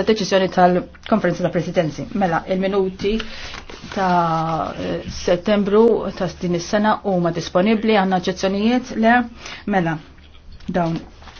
ta' deċiżjoni tal-konferenza ta' presidenzi. Mela, il-minuti ta' settembru ta' din is-sena huma disponibbli għandna ġezzjonijiet le mela dawn